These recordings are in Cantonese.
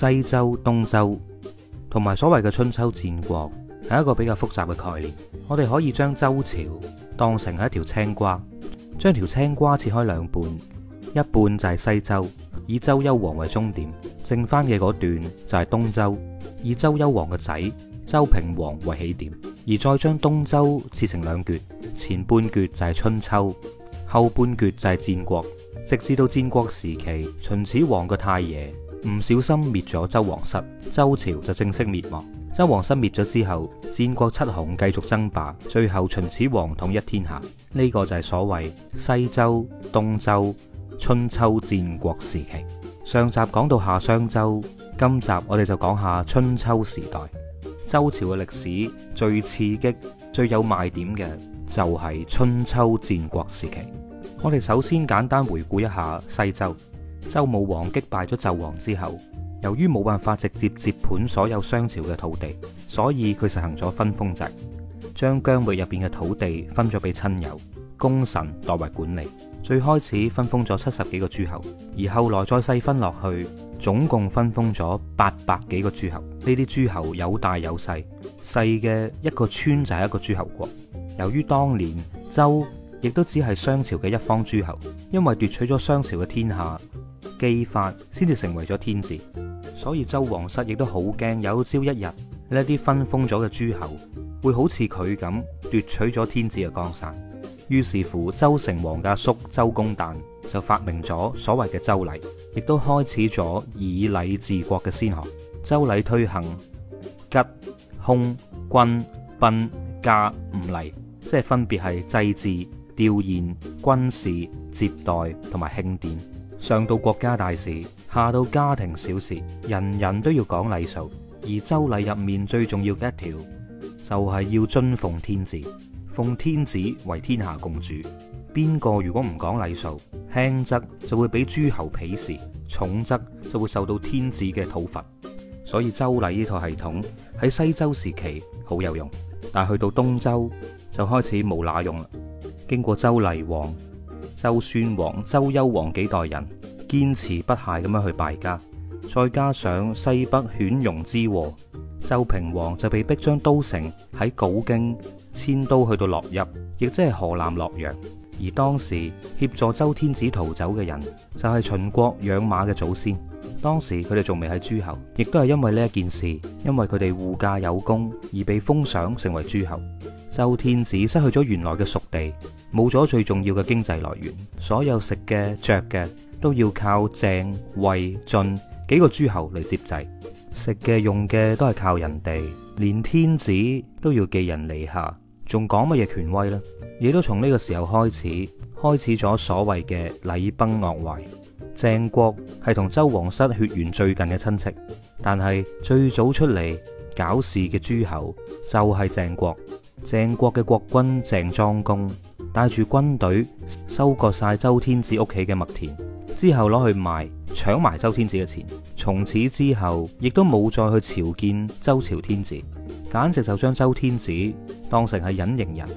西周、東周同埋所謂嘅春秋戰國係一個比較複雜嘅概念。我哋可以將周朝當成係一條青瓜，將條青瓜切開兩半，一半就係西周，以周幽王為終點。剩翻嘅嗰段就係東周，以周幽王嘅仔周平王為起點。而再將東周切成兩橛，前半橛就係春秋，後半橛就係戰國，直至到戰國時期，秦始皇嘅太爺。唔小心滅咗周王室，周朝就正式滅亡。周王室滅咗之後，戰國七雄繼續爭霸，最後秦始皇統一天下。呢個就係所謂西周、東周、春秋戰國時期。上集講到夏商周，今集我哋就講下春秋時代。周朝嘅歷史最刺激、最有賣點嘅就係春秋戰國時期。我哋首先簡單回顧一下西周。周武王擊敗咗紂王之後，由於冇辦法直接接盤所有商朝嘅土地，所以佢實行咗分封制，將疆域入邊嘅土地分咗俾親友、功臣代為管理。最開始分封咗七十幾個諸侯，而後來再細分落去，總共分封咗八百幾個諸侯。呢啲諸侯有大有細，細嘅一個村就係一個諸侯國。由於當年周亦都只係商朝嘅一方諸侯，因為奪取咗商朝嘅天下，姬發先至成為咗天子，所以周王室亦都好驚，有朝一日呢啲分封咗嘅諸侯會好似佢咁奪取咗天子嘅江山。於是乎，周成王嘅叔叔周公旦就發明咗所謂嘅周禮，亦都開始咗以禮治國嘅先河。周禮推行吉、凶、軍、賓、嘉五禮，即係分別係祭祀、弔唁、軍事、接待同埋慶典。上到國家大事，下到家庭小事，人人都要講禮數。而周禮入面最重要嘅一條，就係、是、要遵奉天子，奉天子為天下共主。邊個如果唔講禮數，輕則就會俾諸侯鄙視，重則就會受到天子嘅討伐。所以周禮呢套系統喺西周時期好有用，但去到東周就開始冇哪用啦。經過周厲王。周宣王、周幽王幾代人堅持不懈咁樣去敗家，再加上西北犬戎之禍，周平王就被逼將都城喺鎬京遷都去到洛邑，亦即係河南洛陽。而當時協助周天子逃走嘅人就係秦國養馬嘅祖先。當時佢哋仲未喺諸侯，亦都係因為呢一件事，因為佢哋護駕有功而被封賞成為諸侯。周天子失去咗原來嘅屬地。冇咗最重要嘅經濟來源，所有食嘅、着嘅都要靠鄭、衛、晉幾個諸侯嚟接濟，食嘅、用嘅都係靠人哋，連天子都要寄人籬下，仲講乜嘢權威呢？亦都從呢個時候開始開始咗所謂嘅禮崩樂壞。鄭國係同周王室血緣最近嘅親戚，但係最早出嚟搞事嘅諸侯就係鄭國。鄭國嘅國君鄭莊公。帶住軍隊收割晒周天子屋企嘅麥田，之後攞去賣，搶埋周天子嘅錢。從此之後，亦都冇再去朝見周朝天子，簡直就將周天子當成係隱形人。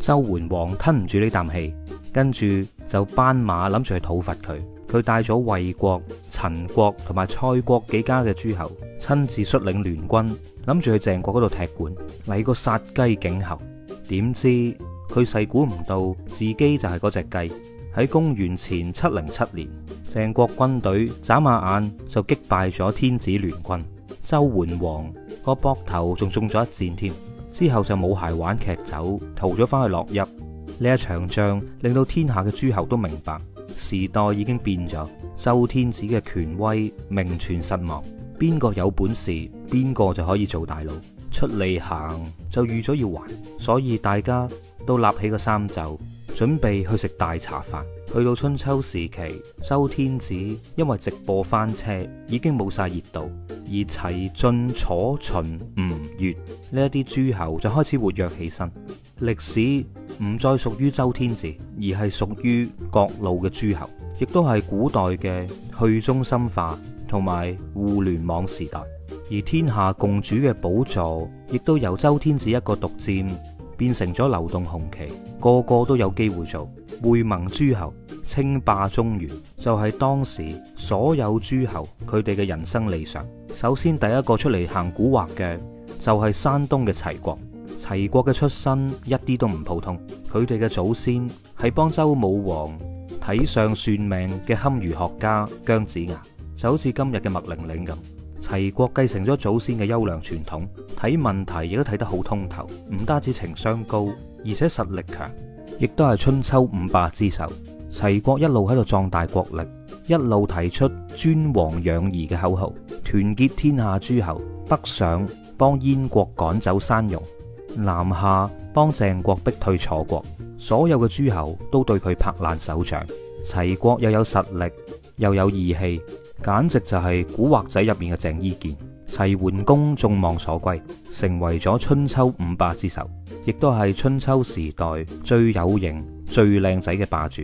周桓王吞唔住呢啖氣，跟住就班馬諗住去討伐佢。佢帶咗衛國、陳國同埋蔡國幾家嘅諸侯，親自率領聯軍諗住去鄭國嗰度踢館，嚟個殺雞儆猴。點知？佢細估唔到自己就係嗰隻雞。喺公元前七零七年，鄭國軍隊眨下眼就擊敗咗天子聯軍，周桓王個膊頭仲中咗一箭添。之後就冇鞋玩劇走，逃咗翻去洛邑。呢一場仗，令到天下嘅諸侯都明白時代已經變咗，周天子嘅權威名存實亡，邊個有本事邊個就可以做大佬。出嚟，行就預咗要還，所以大家。都立起個衫袖，準備去食大茶飯。去到春秋時期，周天子因為直播翻車，已經冇晒熱度，而齊、晉、楚、秦、吳、越呢一啲諸侯就開始活躍起身。歷史唔再屬於周天子，而係屬於各路嘅諸侯，亦都係古代嘅去中心化同埋互聯網時代。而天下共主嘅寶座，亦都由周天子一個獨占。變成咗流動紅旗，個個都有機會做會盟諸侯、稱霸中原，就係當時所有諸侯佢哋嘅人生理想。首先第一個出嚟行古惑嘅就係山東嘅齊國，齊國嘅出身一啲都唔普通，佢哋嘅祖先係幫周武王睇相算命嘅堪輿學家姜子牙，就好似今日嘅麥玲玲咁。齊國繼承咗祖先嘅優良傳統，睇問題亦都睇得好通透，唔單止情商高，而且實力強，亦都係春秋五霸之首。齊國一路喺度壯大國力，一路提出尊王攘夷嘅口號，團結天下諸侯，北上幫燕國趕走山戎，南下幫鄭國逼退楚國，所有嘅諸侯都對佢拍爛手掌。齊國又有實力，又有義氣。簡直就係古惑仔入面嘅鄭伊健，齊桓公眾望所歸，成為咗春秋五霸之首，亦都係春秋時代最有型、最靚仔嘅霸主。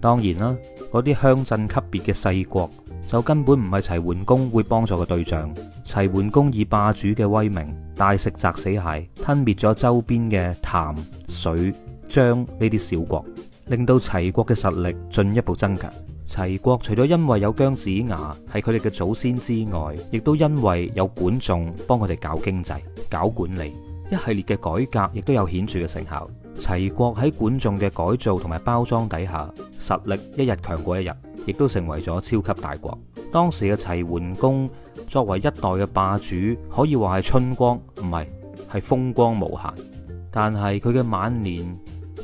當然啦，嗰啲鄉鎮級別嘅細國就根本唔係齊桓公會幫助嘅對象。齊桓公以霸主嘅威名，大石砸死蟹，吞滅咗周邊嘅譚、遂、鄣呢啲小國，令到齊國嘅實力進一步增強。齊國除咗因為有姜子牙係佢哋嘅祖先之外，亦都因為有管仲幫佢哋搞經濟、搞管理，一系列嘅改革亦都有顯著嘅成效。齊國喺管仲嘅改造同埋包裝底下，實力一日強過一日，亦都成為咗超級大國。當時嘅齊桓公作為一代嘅霸主，可以話係春光，唔係，係風光無限，但係佢嘅晚年。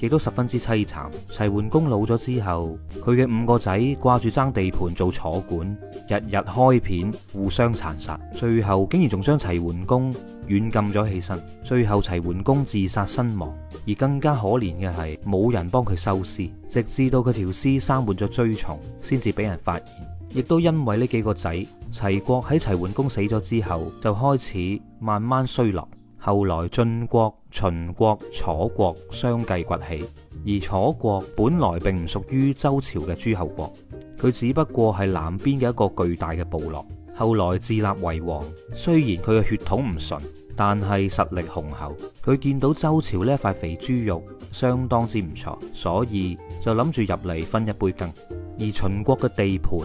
亦都十分之淒慘。齊桓公老咗之後，佢嘅五個仔掛住爭地盤做坐管，日日開片，互相殘殺，最後竟然仲將齊桓公軟禁咗起身。最後齊桓公自殺身亡。而更加可憐嘅係，冇人幫佢收屍，直至到佢條屍生滿咗蛆蟲，先至俾人發現。亦都因為呢幾個仔，齊國喺齊桓公死咗之後，就開始慢慢衰落。後來晉國、秦國、楚國相繼崛起，而楚國本來並唔屬於周朝嘅諸侯國，佢只不過係南邊嘅一個巨大嘅部落。後來自立為王，雖然佢嘅血統唔純，但係實力雄厚。佢見到周朝呢一塊肥豬肉相當之唔錯，所以就諗住入嚟分一杯羹。而秦國嘅地盤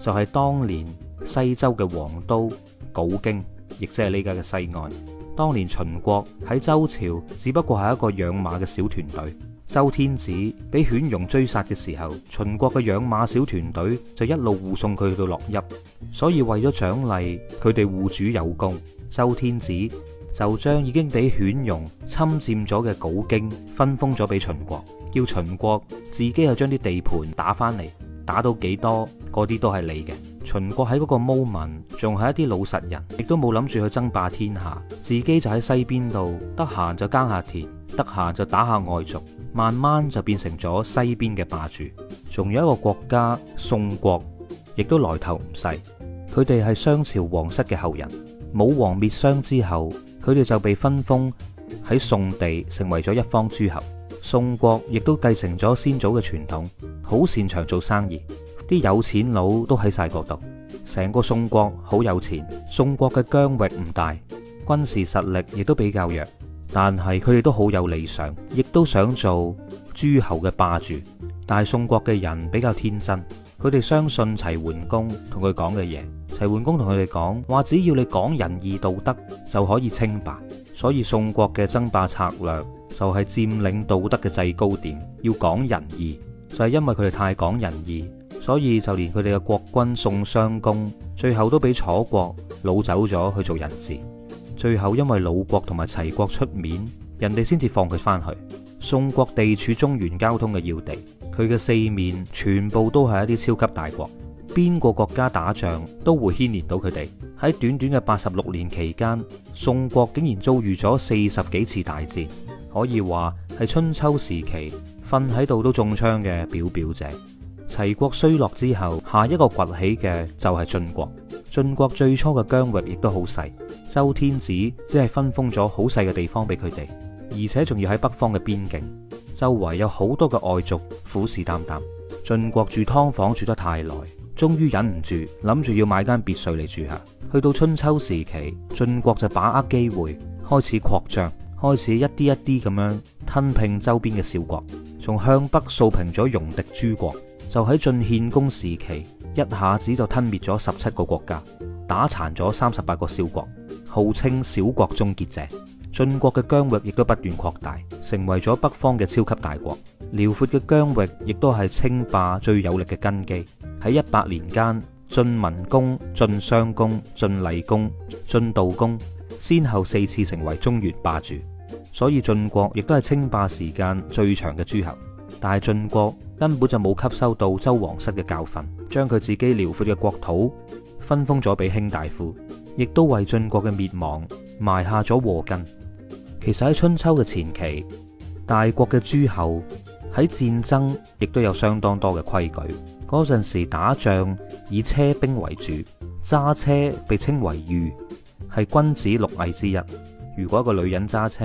就係當年西周嘅王都鎬京，亦即係呢家嘅西安。當年秦國喺周朝只不過係一個養馬嘅小團隊，周天子俾犬戎追殺嘅時候，秦國嘅養馬小團隊就一路護送佢去到洛邑，所以為咗獎勵佢哋護主有功，周天子就將已經俾犬戎侵佔咗嘅鎬京分封咗俾秦國，叫秦國自己又將啲地盤打翻嚟，打到幾多嗰啲都係你嘅。秦國喺嗰個 MOMENT 仲係一啲老實人，亦都冇諗住去爭霸天下，自己就喺西邊度，得閒就耕下田，得閒就打下外族，慢慢就變成咗西邊嘅霸主。仲有一個國家宋國，亦都來頭唔細，佢哋係商朝皇室嘅後人，武王滅商之後，佢哋就被分封喺宋地，成為咗一方諸侯。宋國亦都繼承咗先祖嘅傳統，好擅長做生意。啲有錢佬都喺晒嗰度，成個宋國好有錢。宋國嘅疆域唔大，軍事實力亦都比較弱，但係佢哋都好有理想，亦都想做諸侯嘅霸主。但係宋國嘅人比較天真，佢哋相信齊桓公同佢講嘅嘢。齊桓公同佢哋講話，只要你講仁義道德就可以稱霸，所以宋國嘅爭霸策略就係佔領道德嘅制高點，要講仁義就係、是、因為佢哋太講仁義。所以就連佢哋嘅國君宋襄公，最後都俾楚國擄走咗去做人質。最後因為魯國同埋齊國出面，人哋先至放佢翻去。宋國地處中原交通嘅要地，佢嘅四面全部都係一啲超級大國，邊個國家打仗都會牽連到佢哋。喺短短嘅八十六年期間，宋國竟然遭遇咗四十幾次大戰，可以話係春秋時期瞓喺度都中槍嘅表表者。齊國衰落之後，下一個崛起嘅就係晉國。晉國最初嘅疆域亦都好細，周天子只係分封咗好細嘅地方俾佢哋，而且仲要喺北方嘅邊境，周圍有好多嘅外族虎視眈眈。晉國住劏房住得太耐，終於忍唔住，諗住要買間別墅嚟住下。去到春秋時期，晉國就把握機會開始擴張，開始一啲一啲咁樣吞併周邊嘅小國，仲向北掃平咗戎狄諸國。就喺晉獻公時期，一下子就吞滅咗十七個國家，打殘咗三十八個小國，號稱小國終結者。晉國嘅疆域亦都不斷擴大，成為咗北方嘅超級大國。遼闊嘅疆域亦都係稱霸最有力嘅根基。喺一百年間，晉文公、晉襄公、晉厲公、晉悼公先後四次成為中原霸主，所以晉國亦都係稱霸時間最長嘅諸侯。但係晉國根本就冇吸收到周皇室嘅教訓，將佢自己遼闊嘅國土分封咗俾卿大夫，亦都為晉國嘅滅亡埋下咗禍根。其實喺春秋嘅前期，大國嘅諸侯喺戰爭亦都有相當多嘅規矩。嗰陣時打仗以車兵為主，揸車被稱為御，係君子六藝之一。如果一個女人揸車，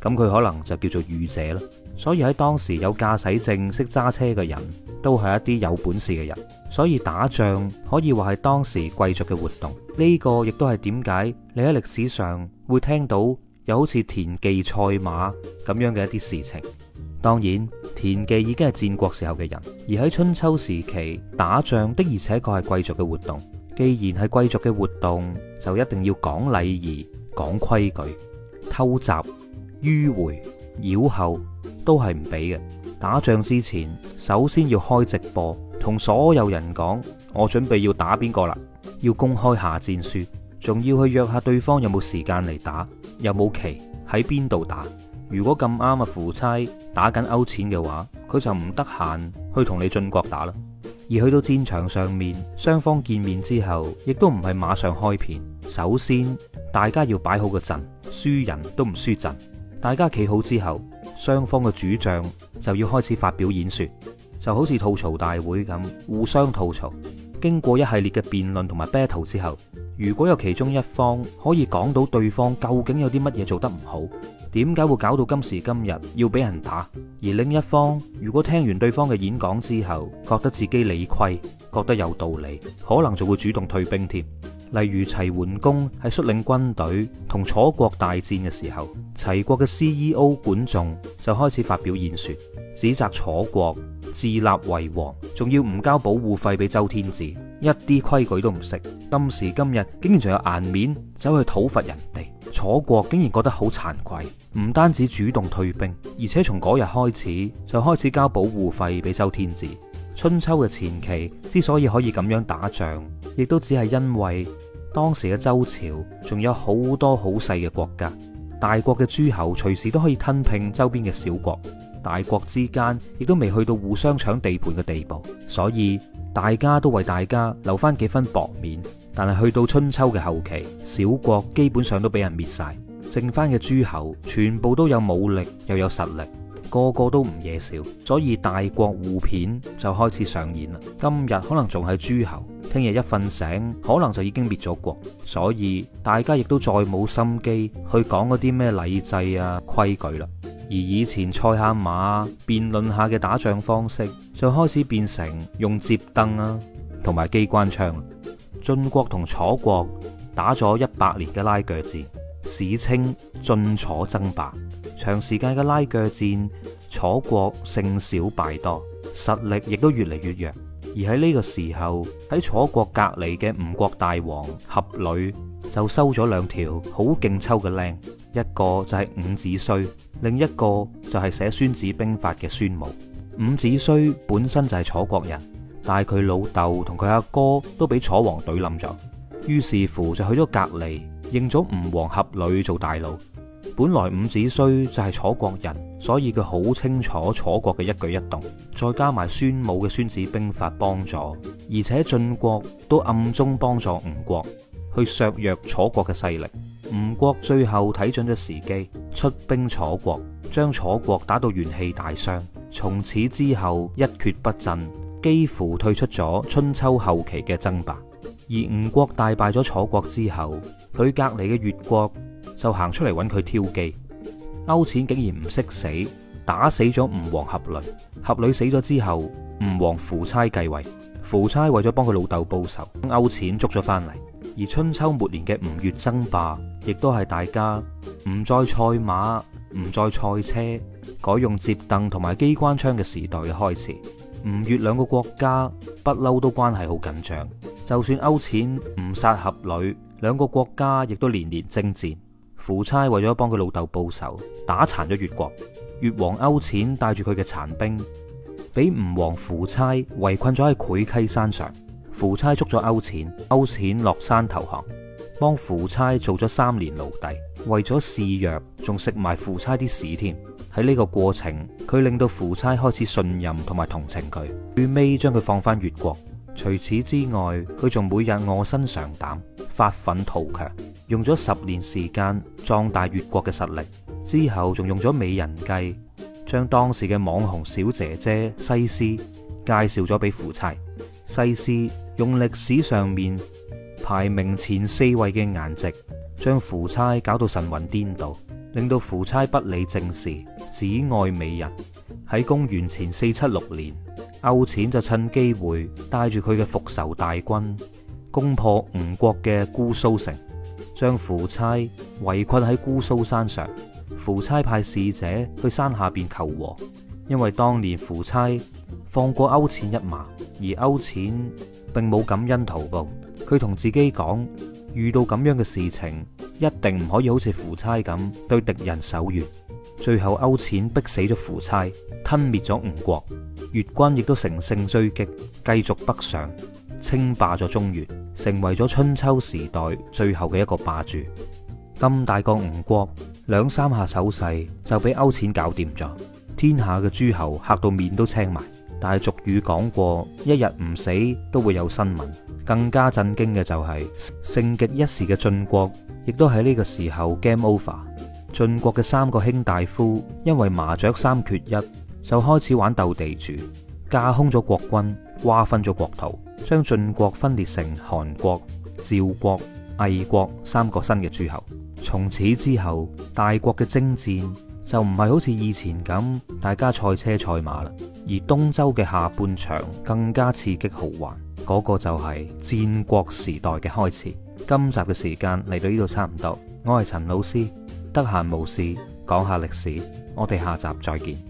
咁佢可能就叫做御者啦。所以喺當時有駕駛證識揸車嘅人都係一啲有本事嘅人。所以打仗可以話係當時貴族嘅活動。呢個亦都係點解你喺歷史上會聽到有好似田忌賽馬咁樣嘅一啲事情。當然田忌已經係戰國時候嘅人，而喺春秋時期打仗的而且確係貴族嘅活動。既然係貴族嘅活動，就一定要講禮儀、講規矩、偷襲迂迴繞後。都係唔俾嘅。打仗之前，首先要開直播，同所有人講我準備要打邊個啦，要公開下戰書，仲要去約下對方有冇時間嚟打，有冇期，喺邊度打。如果咁啱啊，夫妻打緊勾錢嘅話，佢就唔得閒去同你晉國打啦。而去到戰場上面，雙方見面之後，亦都唔係馬上開片，首先大家要擺好個陣，輸人都唔輸陣，大家企好之後。雙方嘅主將就要開始發表演說，就好似吐槽大會咁，互相吐槽。經過一系列嘅辯論同埋 battle 之後，如果有其中一方可以講到對方究竟有啲乜嘢做得唔好，點解會搞到今時今日要俾人打，而另一方如果聽完對方嘅演講之後，覺得自己理虧，覺得有道理，可能就會主動退兵添。例如齊桓公喺率領軍隊同楚國大戰嘅時候，齊國嘅 CEO 管仲就開始發表演說，指責楚國自立為王，仲要唔交保護費俾周天子，一啲規矩都唔識。今時今日竟然仲有顏面走去討伐人哋，楚國竟然覺得好慚愧，唔單止主動退兵，而且從嗰日開始就開始交保護費俾周天子。春秋嘅前期之所以可以咁樣打仗，亦都只係因為當時嘅周朝仲有好多好細嘅國家，大國嘅諸侯隨時都可以吞併周邊嘅小國，大國之間亦都未去到互相搶地盤嘅地步，所以大家都為大家留翻幾分薄面。但係去到春秋嘅後期，小國基本上都俾人滅晒，剩翻嘅諸侯全部都有武力又有實力。個個都唔野少，所以大國互片就開始上演啦。今日可能仲係諸侯，聽日一瞓醒可能就已經滅咗國，所以大家亦都再冇心機去講嗰啲咩禮制啊規矩啦。而以前賽下馬、辯論下嘅打仗方式，就開始變成用折凳啊同埋機關槍。晉國同楚國打咗一百年嘅拉鋸戰。史稱晉楚爭霸，長時間嘅拉鋸戰，楚國勝少敗多，實力亦都越嚟越弱。而喺呢個時候，喺楚國隔籬嘅吳國大王闔閭就收咗兩條好勁抽嘅靚，一個就係伍子胥，另一個就係寫《孫子兵法》嘅孫武。伍子胥本身就係楚國人，但係佢老豆同佢阿哥都俾楚王隊冧咗，於是乎就去咗隔籬。認咗吳王闔閭做大佬。本來伍子胥就係楚國人，所以佢好清楚楚國嘅一舉一動。再加埋孫武嘅《孫子兵法》幫助，而且晉國都暗中幫助吳國去削弱楚國嘅勢力。吳國最後睇準咗時機出兵楚國，將楚國打到元氣大傷。從此之後一蹶不振，幾乎退出咗春秋後期嘅爭霸。而吳國大敗咗楚國之後，佢隔籬嘅越國就行出嚟揾佢挑機，勾踐竟然唔識死，打死咗吳王闔閭。闔閭死咗之後，吳王夫差繼位。夫差為咗幫佢老豆報仇，勾踐捉咗返嚟。而春秋末年嘅吳越爭霸，亦都係大家唔再賽馬，唔再賽車，改用折凳同埋機關槍嘅時代嘅開始。吳越兩個國家不嬲都關係好緊張，就算勾踐唔殺闔閭。兩個國家亦都連連征戰。夫差為咗幫佢老豆報仇，打殘咗越國。越王勾踐帶住佢嘅殘兵，俾吳王夫差圍困咗喺會溪山上。夫差捉咗勾踐，勾踐落山投降，幫夫差做咗三年奴隸。為咗示弱，仲食埋夫差啲屎添。喺呢個過程，佢令到夫差開始信任同埋同情佢，最尾將佢放返越國。除此之外，佢仲每日臥薪嘗膽發憤圖強，用咗十年時間壯大越國嘅實力，之後仲用咗美人計，將當時嘅網紅小姐姐西施介紹咗俾夫差。西施用歷史上面排名前四位嘅顏值，將夫差搞到神魂顛倒，令到夫差不理政事，只愛美人。喺公元前四七六年，勾踐就趁機會帶住佢嘅復仇大軍。攻破吳國嘅姑蘇城，將夫差圍困喺姑蘇山上。夫差派使者去山下邊求和，因為當年夫差放過勾踐一馬，而勾踐並冇感恩圖報。佢同自己講，遇到咁樣嘅事情，一定唔可以好似夫差咁對敵人手軟。最後，勾踐逼死咗夫差，吞滅咗吳國。越軍亦都乘勝追擊，繼續北上。稱霸咗中原，成為咗春秋時代最後嘅一個霸主。咁大個吳國，兩三下手勢就俾勾踐搞掂咗，天下嘅諸侯嚇到面都青埋。但係俗語講過，一日唔死都會有新聞。更加震驚嘅就係盛極一時嘅晉國，亦都喺呢個時候 game over。晉國嘅三個卿大夫因為麻雀三缺一，就開始玩鬥地主，架空咗國君。瓜分咗國土，將晉國分裂成韓國、趙國、魏國三個新嘅諸侯。從此之後，大國嘅征戰就唔係好似以前咁，大家賽車賽馬啦。而東周嘅下半場更加刺激豪華，嗰個就係戰國時代嘅開始。今集嘅時間嚟到呢度差唔多，我係陳老師，得閒無事講下歷史，我哋下集再見。